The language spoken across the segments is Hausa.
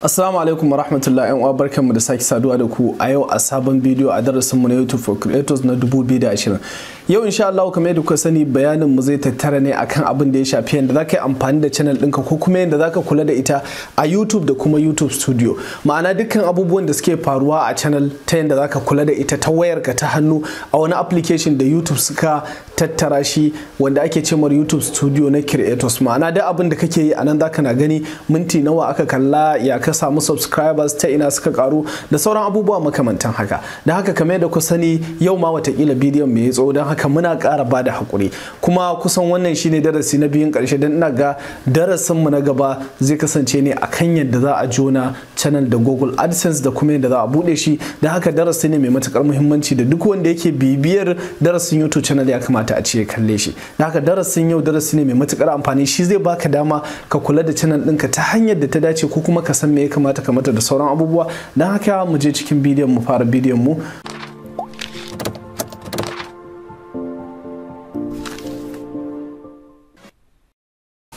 Assalamu alaikum warahmatullahi yan uwa barkanmu da sake saduwa da ku a yau a sabon bidiyo a darasin mu na YouTube for Creators na 2020. Yau insha Allah kamar yadda kuka sani bayanin mu zai tattara ne akan abin da ya shafi yadda zaka yi amfani da channel ɗinka ko kuma yadda zaka kula da ita a YouTube da kuma YouTube Studio. Ma'ana dukkan abubuwan da suke faruwa a channel ta yadda zaka kula da ita ta wayar ka ta hannu a wani application da YouTube suka tattara shi wanda ake cemar YouTube Studio na Creators. Ma'ana duk abin da kake yi anan zaka na gani minti nawa aka kalla ya ka samu subscribers ta ina suka karu da sauran abubuwa makamantan haka da haka kamar da ku sani yau ma watakila bidiyon mai tsawo don haka muna kara ba da haƙuri kuma kusan wannan shine darasi na biyun karshe don ina ga darasin mu na gaba zai kasance ne akan yadda za a jona channel da Google AdSense da kuma yadda za a buɗe shi da haka darasi ne mai matukar muhimmanci da duk wanda yake bibiyar darasin YouTube channel ya kamata a ce kalle shi da haka darasin yau darasi ne mai matukar amfani shi zai baka dama ka kula da channel ɗinka ta hanyar da ta dace ko kuma ka san me ya kamata ka mata da sauran abubuwa don haka mu je cikin bidiyon mu fara bidiyon mu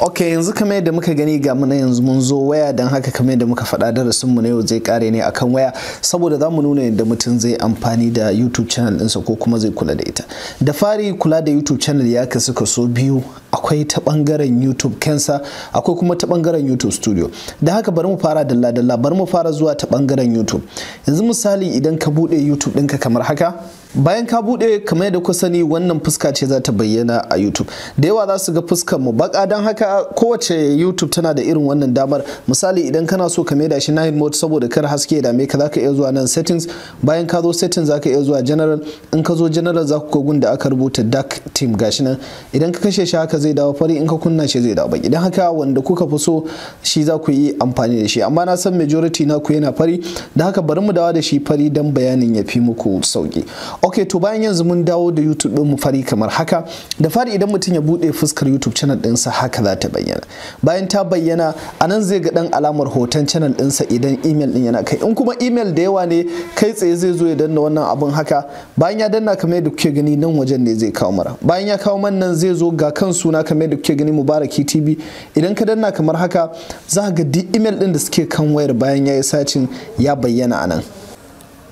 ok yanzu kamar yadda muka gani ga muna yanzu mun zo waya don haka kamar yadda muka faɗa darasin mu na yau zai kare ne akan waya saboda za mu nuna yadda mutum zai amfani da youtube channel ɗinsa ko kuma zai kula da ita da fari kula da youtube channel ya kasu kaso biyu akwai ta bangaren youtube kensa akwai kuma ta bangaren youtube studio da haka bari mu fara dalla dalla bari mu fara zuwa ta bangaren youtube yanzu misali idan ka buɗe youtube ɗinka kamar haka bayan ka bude kamar yadda ku sani wannan fuska ce za ta bayyana a youtube da yawa za su ga fuskar mu baka don haka kowace youtube tana da irin wannan damar misali idan kana so ka maida shi night mode saboda kar haske ya dame ka zaka iya zuwa nan settings bayan ka zo settings zaka iya zuwa general in ka zo general za ku gun da aka rubuta dark team gashi nan idan ka kashe shi haka zai dawo fari in ka kunna shi zai dawo baki idan haka wanda kuka fi so shi za ku yi amfani da shi amma na san majority na ku yana fari da haka bari mu dawo da shi fari don bayanin ya fi muku sauki ok to bayan yanzu mun dawo da youtube din mu fari kamar haka da fari idan mutum ya bude fuskar youtube channel sa haka za ta bayyana bayan ta bayyana a nan zai ga dan alamar hoton channel sa idan email din yana kai in kuma email da yawa ne kai tsaye zai zo ya danna wannan abun haka bayan ya danna kamar yadda kuke gani nan wajen ne zai kawo mara bayan ya kawo man nan zai zo ga kan suna kamar yadda kuke gani mubaraki tv idan ka danna kamar haka za ka ga duk email din da suke kan wayar bayan ya yi sacin ya bayyana a nan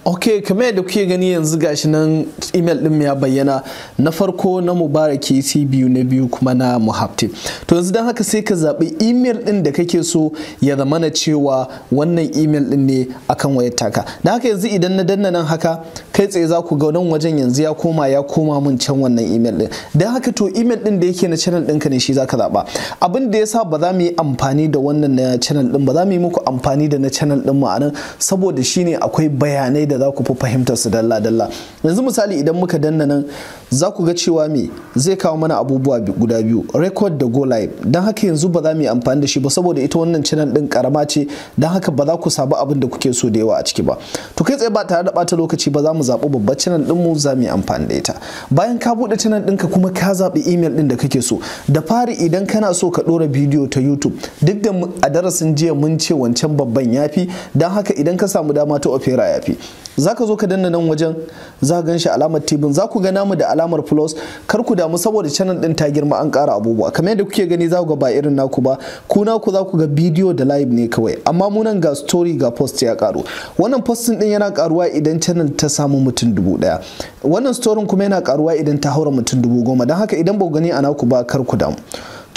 ok kamar yadda kuke gani yanzu gashi nan email din ya bayyana na farko na mubarak kc biyu na biyu kuma na muhabti to yanzu don haka sai ka zaɓi email din da kake so ya zama na cewa wannan email din ne akan wayar taka don haka yanzu idan na danna nan haka kai tsaye za ku ga nan wajen yanzu ya koma ya koma mun can wannan email din don haka to email din da yake na channel ka ne shi zaka zaɓa abin da yasa ba za mu yi amfani da wannan na channel din ba za mu yi muku amfani da na channel ɗin mu a nan saboda shine akwai bayanai da da za ku fi fahimtar su dalla dalla yanzu misali idan muka danna nan za ku ga cewa me zai kawo mana abubuwa guda biyu record da go live don haka yanzu ba za mu yi amfani da shi ba saboda ita wannan channel din karama ce don haka ba za ku sabu abin da kuke so da yawa a ciki ba to kai tsaye ba tare da bata lokaci ba za mu zaɓi babbar channel din mu za mu yi amfani da ita bayan ka buɗe din ka kuma ka zaɓi email din da kake so da fari idan kana so ka dora bidiyo ta youtube duk da a darasin jiya mun ce wancan babban yafi don haka idan ka samu dama ta opera yafi za ka zo ka danna nan wajen za ka gan shi alamar tibin za ku gana mu da alamar plus kar ku damu saboda channel din ta girma an ƙara abubuwa kamar yadda kuke gani za ku ga ba irin naku ba ku naku za ku ga bidiyo da live ne kawai amma mu nan ga story ga post ya ƙaru wannan postin din yana ƙaruwa idan channel ta samu mutum dubu ɗaya wannan storin kuma yana karuwa idan ta haura mutum dubu goma don haka idan ba gani a naku ba kar ku damu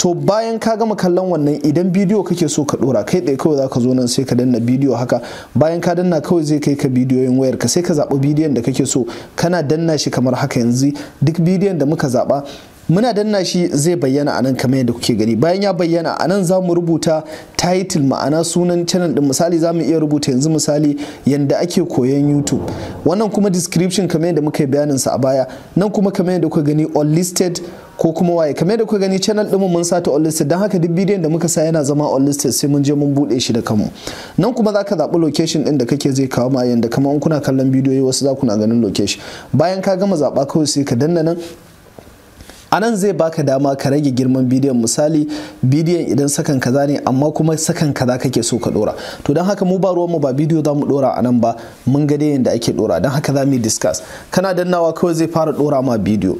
to bayan ka gama kallon wannan idan bidiyo kake so ka dora kai ɗaya kawai za ka zo nan sai ka danna bidiyo haka bayan ka danna kawai zai kai ka bidiyoyin wayar ka sai ka zaɓi bidiyon da kake so kana danna shi kamar haka yanzu duk bidiyon da muka zaɓa muna danna shi zai bayyana anan kamar yadda kuke gani bayan ya bayyana anan za mu rubuta title ma'ana sunan channel din misali za mu iya rubuta yanzu misali yanda ake koyon youtube wannan kuma description kamar yadda muka yi bayanin sa a baya nan kuma kamar yadda kuka gani unlisted ko kuma waye kamar yadda kuka gani channel ɗinmu mun sa ta unlisted don haka duk bidiyon da muka sa yana zama unlisted sai mun je mun bude shi da kanmu nan kuma za ka zaɓi location ɗin da kake zai kawo ma yanda kamar in kuna kallon bidiyoyi wasu za kuna ganin location bayan ka gama zaba kawai sai ka danna nan a nan zai baka dama ka rage girman bidiyon misali bidiyon idan sakan kaza ne amma kuma sakan kaza kake so ka dora to don haka mu ba ruwanmu ba bidiyo za mu dora a nan ba mun ga yadda ake dora don haka za mu yi discuss kana dannawa kawai zai fara dora ma bidiyo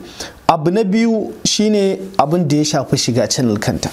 abu na biyu shine abin da ya shafi shiga channel kanta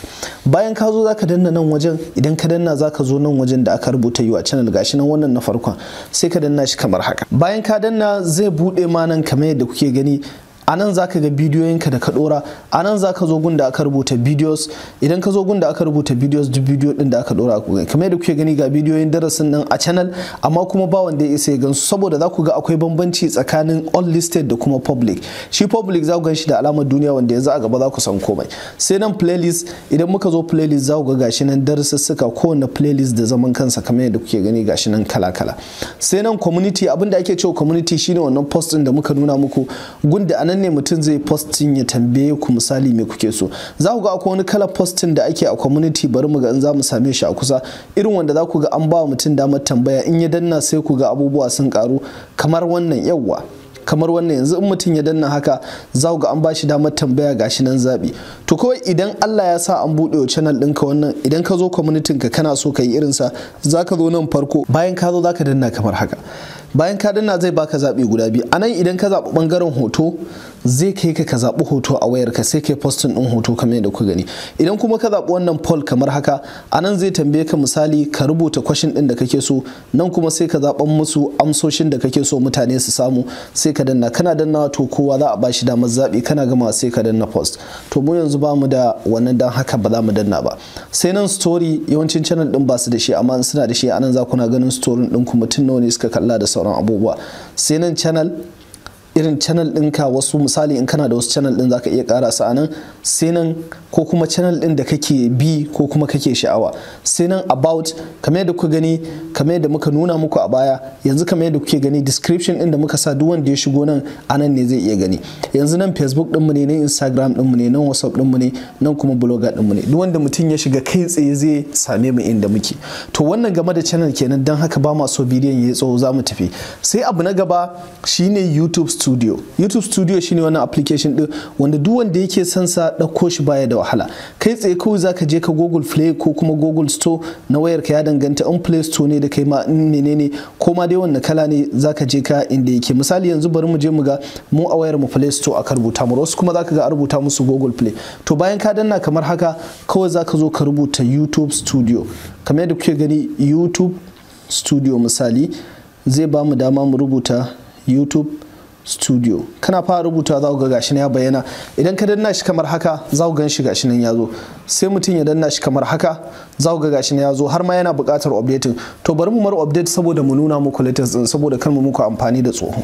bayan ka zo zaka danna nan wajen idan ka danna zaka zo nan wajen da aka rubuta yiwa channel gashi nan wannan na farkon sai ka danna shi kamar haka bayan ka danna zai bude ma nan kamar yadda kuke gani a nan za ka ga bidiyoyinka da ka dora a nan za ka zo gun da aka rubuta bidiyos idan ka zo gun da aka rubuta bidiyos duk bidiyo ɗin da aka dora ku kamar yadda kuke gani ga bidiyoyin darasin nan a channel amma kuma ba wanda ya isa ya gansu saboda za ku ga akwai bambanci tsakanin listed da kuma public shi public za ku gan shi da alamar duniya wanda yanzu a gaba za ku san komai sai nan playlist idan muka zo playlist za ku ga gashi nan darussuka kowane playlist da zaman kansa kamar yadda kuke gani gashi nan kala-kala sai nan community da ake cewa community shine wannan post din da muka nuna muku gun da anan nan ne mutum zai postin ya tambaye ku misali me kuke so za ku ga akwai wani kala postin da ake a community bari mu ga in za mu same shi a kusa irin wanda za ku ga an ba mutum damar tambaya in ya danna sai ku ga abubuwa sun karu kamar wannan yawwa kamar wannan yanzu in mutum ya danna haka za ga an bashi damar tambaya gashi nan zabi to kawai idan Allah ya sa an buɗe channel ɗinka wannan idan ka zo community ka kana so ka yi irinsa za ka zo nan farko bayan ka zo za ka danna kamar haka bayan ka danna zai baka zaɓi guda biyu anan idan ka zabi bangaren hoto zai kai ka ka zabi hoto a wayar ka sai kai postin ɗin hoto kamar yadda ku gani idan kuma ka zaɓi wannan poll kamar haka anan zai tambaye ka misali ka rubuta kwashin ɗin da kake so nan kuma sai ka zaɓan musu amsoshin da kake so mutane su samu sai ka danna kana danna to kowa za a ba shi damar zaɓi kana gama sai ka danna post to mu yanzu ba mu da wannan dan haka ba za mu danna ba sai nan story yawancin channel ɗin ba su da shi amma suna da shi anan za kuna ganin story ɗin ku mutum nawa ne suka kalla da sauran abubuwa sai nan channel irin channel ɗinka wasu misali in kana da wasu channel ɗin zaka iya kara sa anan sai nan ko kuma channel ɗin da kake bi ko kuma kake sha'awa sai nan about kamar yadda kuka gani kamar yadda muka nuna muku a baya yanzu kamar yadda kuke gani description ɗin da muka sa duk wanda ya shigo nan anan ne zai iya gani yanzu nan facebook ɗinmu ne nan instagram ɗinmu ne nan whatsapp ɗinmu ne nan kuma blogger ɗinmu ne duk wanda mutum ya shiga kai tsaye zai same mu inda muke to wannan game da channel kenan dan haka ba ma so bidiyon ya tsawo za mu tafi sai abu na gaba shine youtube studio youtube studio shine wannan application din wanda duk wanda yake son sa ɗauko shi baya da wahala kai tsaye kawai zaka je ka google play ko kuma google store na wayar ka ya danganta in play store ne da kai ma in menene ko ma dai wannan kala ne zaka je ka inda yake misali yanzu bari mu je mu ga mu a wayar mu play store aka rubuta mu wasu kuma zaka ga a rubuta musu google play to bayan ka danna kamar haka kawai zaka zo ka rubuta youtube studio kamar yadda kuke gani youtube studio misali zai ba mu dama mu rubuta youtube studio kana fara rubuta za ku ga gashi ya bayyana idan ka danna shi kamar haka za ku gan shi gashi nan ya zo sai mutum ya danna shi kamar haka za ga gashi na ya zo har ma yana buƙatar updating to bari mu mar update saboda mu nuna muku latest din saboda kar mu muku amfani da tsoho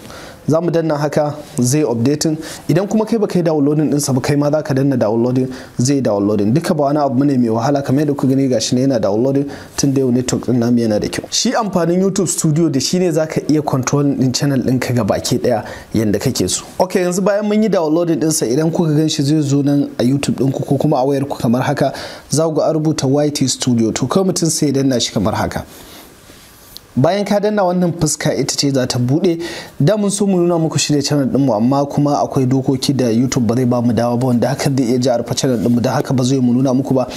za mu danna haka zai updating idan kuma kai ba kai downloading din sa ba kai ma za ka danna downloading zai downloading duka ba wani abu ne mai wahala kamar yadda ku gani gashi ne yana downloading tun da yau network din namu yana da kyau shi amfanin YouTube studio da shine za ka iya control din channel din ka ga baki daya yanda kake so okay yanzu bayan mun yi downloading din sa idan kuka gan shi zai zo nan a YouTube din ko kuma a wayar ku kamar haka za ku ga a rubuta YT studio studio to kawai mutum sai danna shi kamar haka bayan ka danna wannan fuska ita ce za ta bude da mun so mu nuna muku shi ne channel mu amma kuma akwai dokoki da youtube ba zai ba mu dawa ba wanda haka zai iya ji arfa channel mu da haka ba zai mu nuna muku ba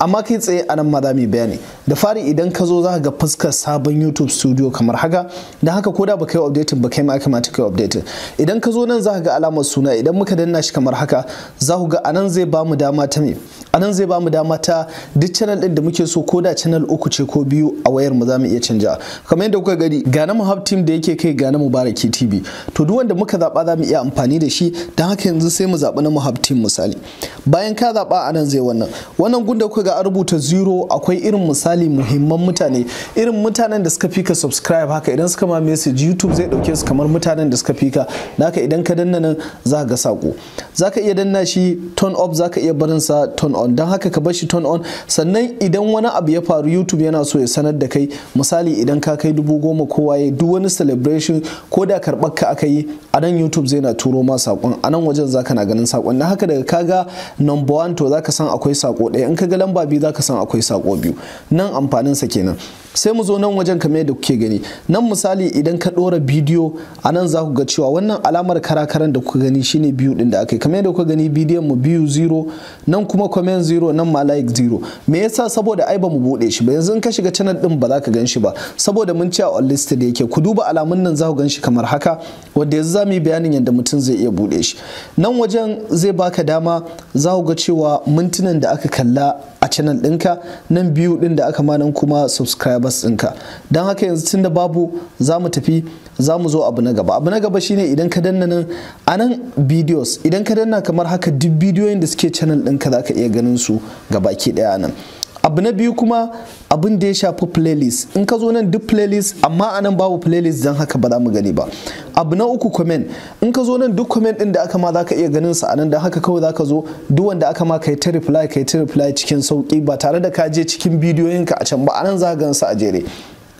amma kai tsaye a nan ma za mu bayani da fari idan ka zo za ka ga fuskar sabon youtube studio kamar haka da haka ko da ba kai updating ba kai ma mata kai updating idan ka zo nan za ka ga alamar suna idan muka danna shi kamar haka za ku ga anan zai ba mu dama ta me a nan zai ba mu dama ta duk channel din da muke so ko da channel uku ce ko biyu a wayar mu zamu iya canja kamar yadda kuka gani ga mu hub team da yake kai ga na baraki tv to duk wanda muka zaba zamu mu iya amfani da shi don haka yanzu sai mu zaba na hub team misali bayan ka zaba a nan zai wannan wannan gunda kuka ga a rubuta zero akwai irin misali muhimman mutane irin mutanen da suka fika subscribe haka idan suka ma message youtube zai dauke su kamar mutanen da suka fika naka idan ka danna nan za ka ga sako za ka iya danna shi turn off za ka iya barin sa turn on on don haka ka bar shi turn on sannan idan wani abu ya faru youtube yana so ya sanar da kai misali idan ka kai dubu goma kowa ya duk wani celebration ko da karɓar ka aka yi a nan youtube zai na turo ma saƙon a nan wajen zaka na ganin saƙon don haka daga ka ga number one to zaka san akwai saƙo ɗaya in ka ga lamba biyu zaka san akwai saƙo biyu nan amfanin amfaninsa kenan sai mu zo nan wajen kamar yadda kuke gani nan misali idan ka dora bidiyo a nan za ku ga cewa wannan alamar karakaran da kuka gani shine biyu ɗin da aka yi kamar yadda kuka gani bidiyon mu biyu zero nan kuma comment zero nan ma like zero me yasa saboda ai ba mu buɗe shi ba yanzu in ka shiga channel ɗin ba za ka gan shi ba saboda mun ce a all yake ku duba alamun nan za ku gan shi kamar haka wanda yanzu za mu yi bayanin yadda mutum zai iya bude shi nan wajen zai baka dama za ku ga cewa mintunan da aka kalla a channel ɗinka nan biyu ɗin da aka manan kuma subscribers ɗinka don haka yanzu tun da babu za mu tafi za mu zo abu na gaba abu na gaba shine idan ka danna nan a nan videos idan ka danna kamar haka duk bidiyoyin da suke channel ɗinka za ka iya ganin su gabaki ɗaya nan abu na biyu kuma abin da ya shafi playlist in ka zo nan duk playlist amma anan babu playlist don haka ba za mu gani ba abu na uku comment in ka zo nan duk comment din da aka ma za ka iya ganin sa anan da haka kawai za ka zo duk wanda aka ma kai ta reply yi ta reply cikin sauki ba tare da ka je cikin bidiyoyin ka a can ba anan za ka gan su a jere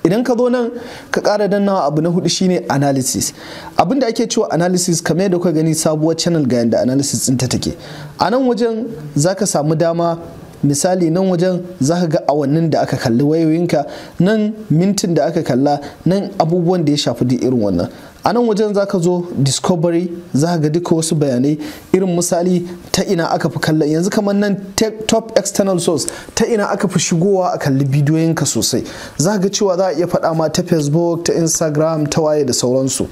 idan ka zo nan ka ƙara dannawa abu na hudu shine analysis abin da ake cewa analysis kamar yadda kuka gani sabuwar channel ga yadda analysis ta take anan wajen za ka samu dama misali nan wajen za ka ga awannin da aka kalli wayoyinka nan mintin da aka kalla nan abubuwan da ya shafi duk irin wannan a nan wajen za ka zo discovery za ka ga duka wasu bayanai irin misali ta ina aka fi kallon yanzu kamar nan top external source ta ina aka fi shigowa a kalli bidiyoyinka sosai za ka ga cewa za a iya faɗa ma ta facebook ta instagram ta waye da sauransu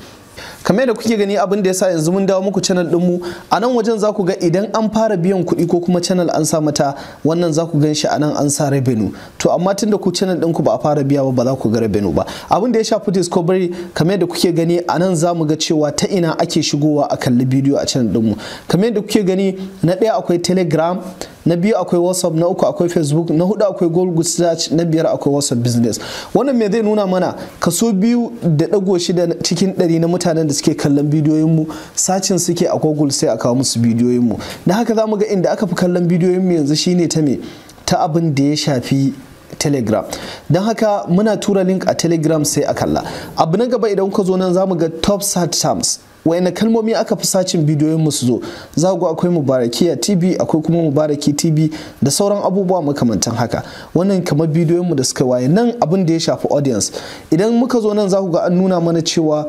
kamar da kuke gani abin da ya sa yanzu mun dawo muku channel dinmu a nan wajen za ku ga idan an fara biyan kuɗi ko kuma channel an sa mata wannan za ku gan shi a nan an sa revenue to amma tun da ku channel ɗinku ba a fara biya ba ba za ku ga revenue ba abin da ya shafi discovery kamar da kuke gani a nan za mu ga cewa ta ina ake shigowa a kalli bidiyo a channel mu kamar da kuke gani na ɗaya akwai telegram na biyu akwai whatsapp na uku akwai facebook na hudu akwai google search na biyar akwai whatsapp business wannan me zai nuna mana kaso biyu da dago shida cikin dari na mutanen da suke kallon bidiyoyin mu sacin suke a google sai a kawo musu bidiyoyin mu. na haka zamu ga inda aka fi kallon mu yanzu shine ta me ta abin da ya shafi telegram don haka muna tura link a telegram sai a kalla abu na gaba idan kuka zo nan za mu ga top search terms na kalmomi aka fi sacin bidiyoyin mu su zo za ku akwai a tv akwai kuma mubaraki tv da sauran abubuwa makamantan haka wannan kamar bidiyoyin mu da suka waye nan abin da ya shafi audience idan muka zo nan za ku ga an nuna mana cewa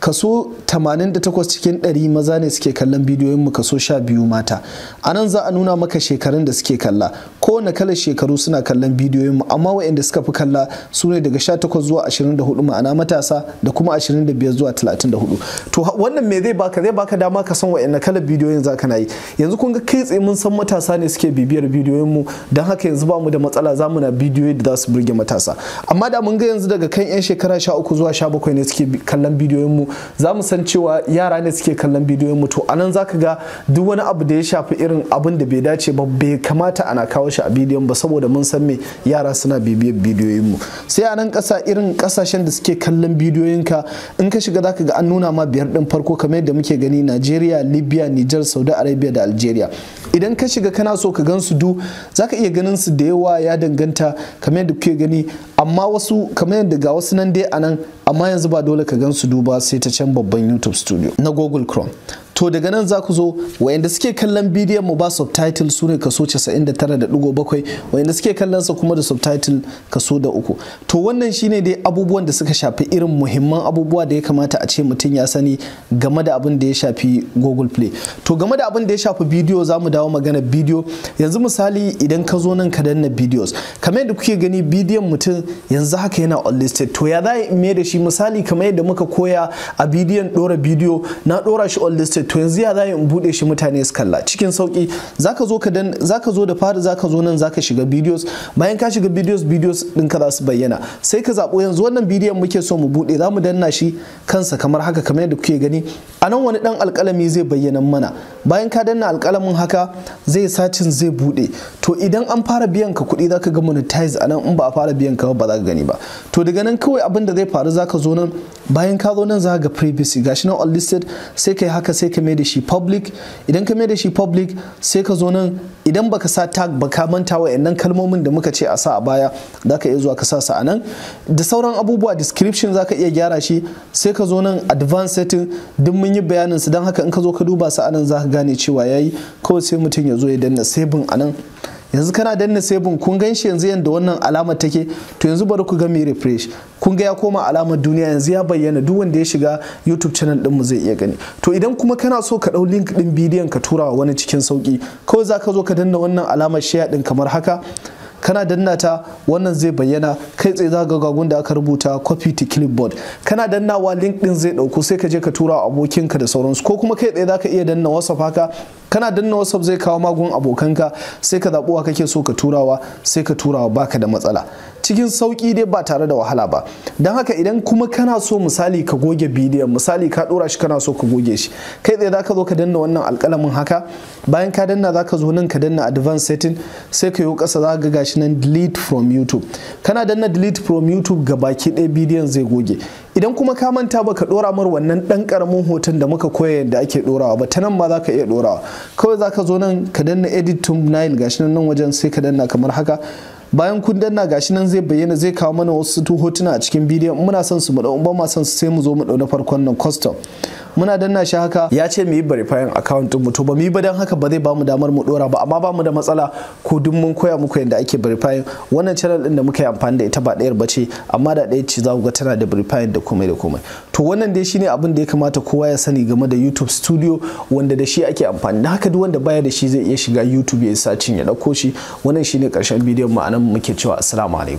kaso 88 cikin 100 maza ne suke kallon bidiyoyin mu kaso 12 mata a nan za a nuna maka shekarun da suke kalla kowane kalar shekaru suna kallon bidiyoyin mu amma waɗanda suka fi kalla su ne daga 18 zuwa 24 ma'ana matasa da kuma 25 zuwa 34 to wannan me zai baka zai baka dama ka san waɗanda kalar bidiyoyin za kana yi yanzu kun ga kai tsaye mun san matasa ne suke bibiyar bidiyoyin mu don haka yanzu ba mu da matsala za mu na bidiyoyi da za su burge matasa amma da mun ga yanzu daga kan 'yan shekara 13 zuwa 17 ne suke kallon bidiyoyin mu za mu san cewa yara ne suke kallon bidiyon mu to anan zaka ga duk wani abu da ya shafi irin abin da bai dace ba bai kamata ana kawo shi a bidiyon ba saboda mun san me yara suna bibiyar bidiyoyin mu sai anan kasa irin kasashen da suke kallon bidiyoyin in ka shiga zaka ga an nuna ma biyar din farko kamar yadda muke gani Najeriya Libya Niger Saudi Arabia da Algeria idan ka shiga kana so ka gan su du zaka iya ganin su da yawa ya danganta kamar yadda kuke gani amma wasu kamar yadda ga wasu nan dai anan amma yanzu ba dole ka gan su duba sai ta can babban youtube studio na google chrome to daga nan za ku zo wayanda suke kallon bidiyon mu ba subtitle su ne kaso 99.7 wayanda suke kallon sa kuma da subtitle kaso da uku to wannan shine dai abubuwan da suka shafi irin muhimman abubuwa da ya kamata a ce mutum ya sani game da abin da ya shafi Google Play to game da abin da ya shafi bidiyo za mu dawo magana bidiyo yanzu misali idan ka zo nan ka danna videos kamar yadda kuke gani bidiyon mutum yanzu haka yana unlisted to ya za me da shi misali kamar yadda muka koya a bidiyon dora bidiyo na dora shi unlisted to yanzu ya zai in buɗe shi mutane su kalla cikin sauki zaka zo ka dan zaka zo da fari zaka zo nan zaka shiga videos bayan ka shiga videos videos ka za su bayyana sai ka zaɓo yanzu wannan bidiyon muke so mu buɗe za mu danna shi kansa kamar haka kamar yadda kuke gani a nan wani ɗan alƙalami zai bayyana mana bayan ka danna alƙalamin haka zai sacin zai buɗe to idan an fara biyan ka kuɗi zaka ga monetize a nan in ba a fara biyan ka ba za ka gani ba to daga nan kawai abin da zai faru zaka zo nan bayan ka zo nan za ga privacy gashi nan unlisted sai kai haka sai ka mai da shi public idan ka mai da shi public sai ka zo nan idan baka sa tag ba ka manta yannan kalmomin da muka ce a sa a baya za ka iya zuwa ka sa su a nan da sauran abubuwa description za ka iya gyara shi sai ka zo nan advanced setting duk mun yi bayanin su don haka in ka zo ka duba su a nan za ka gane cewa yayi kawai sai mutum ya zo ya danna saving a nan yanzu kana danna sabon kun gan shi yanzu yadda wannan alamar take to yanzu bari ku ga mai refresh kun ga ya koma alamar duniya yanzu ya bayyana duk wanda ya shiga youtube channel din mu zai iya gani to idan kuma kana so ka dau link din bidiyon ka tura wa wani cikin sauki kawai za ka zo ka danna wannan alamar share din kamar haka kana danna ta wannan zai bayyana kai tsaye za ga gagun da aka rubuta copy to clipboard kana dannawa link din zai dauko sai ka je ka tura abokinka da sauransu ko kuma kai tsaye za ka iya danna whatsapp haka kana danna whatsapp zai kawo magun abokanka sai ka zaɓuwa kake so ka turawa sai ka turawa baka da matsala cikin sauki dai ba tare da wahala ba don haka idan kuma kana so misali ka goge bidiyon misali ka dora shi kana so ka goge shi kai tsaye zaka zo ka danna wannan alkalamin haka bayan ka danna zaka zo nan ka danna advanced setting sai ka yi kasa za ga gashi nan delete from youtube kana danna delete from youtube ga baki ɗaya bidiyon zai goge idan kuma ka manta baka dora mar wannan dan karamin hoton da muka koya yadda ake dorawa ba ta nan ma zaka iya dorawa kawai zaka zo nan ka danna edit thumbnail gashi nan wajen sai ka danna kamar haka bayan kun danna gashi nan zai bayyana zai kawo mana wasu hotuna a cikin bidiyon muna son su mu dau ba ma son su sai mu zo mu dau na farkon nan custom muna danna shi haka ya ce mu yi verifying account mu to ba mu yi ba dan haka ba zai bamu damar mu dora ba amma ba mu da matsala ko duk mun koya muku yanda ake verifying wannan channel din da muka yi amfani da ita ba ɗayar ba ce amma da ɗaya ce za ku ga tana da verifying da komai da komai to wannan dai shine abin da ya kamata kowa ya sani game da YouTube Studio wanda da shi ake amfani da haka duk wanda baya da shi zai iya shiga YouTube ya yi sacin ya dauko shi wannan shine karshen bidiyon ma'anar muke cewa assalamu alaikum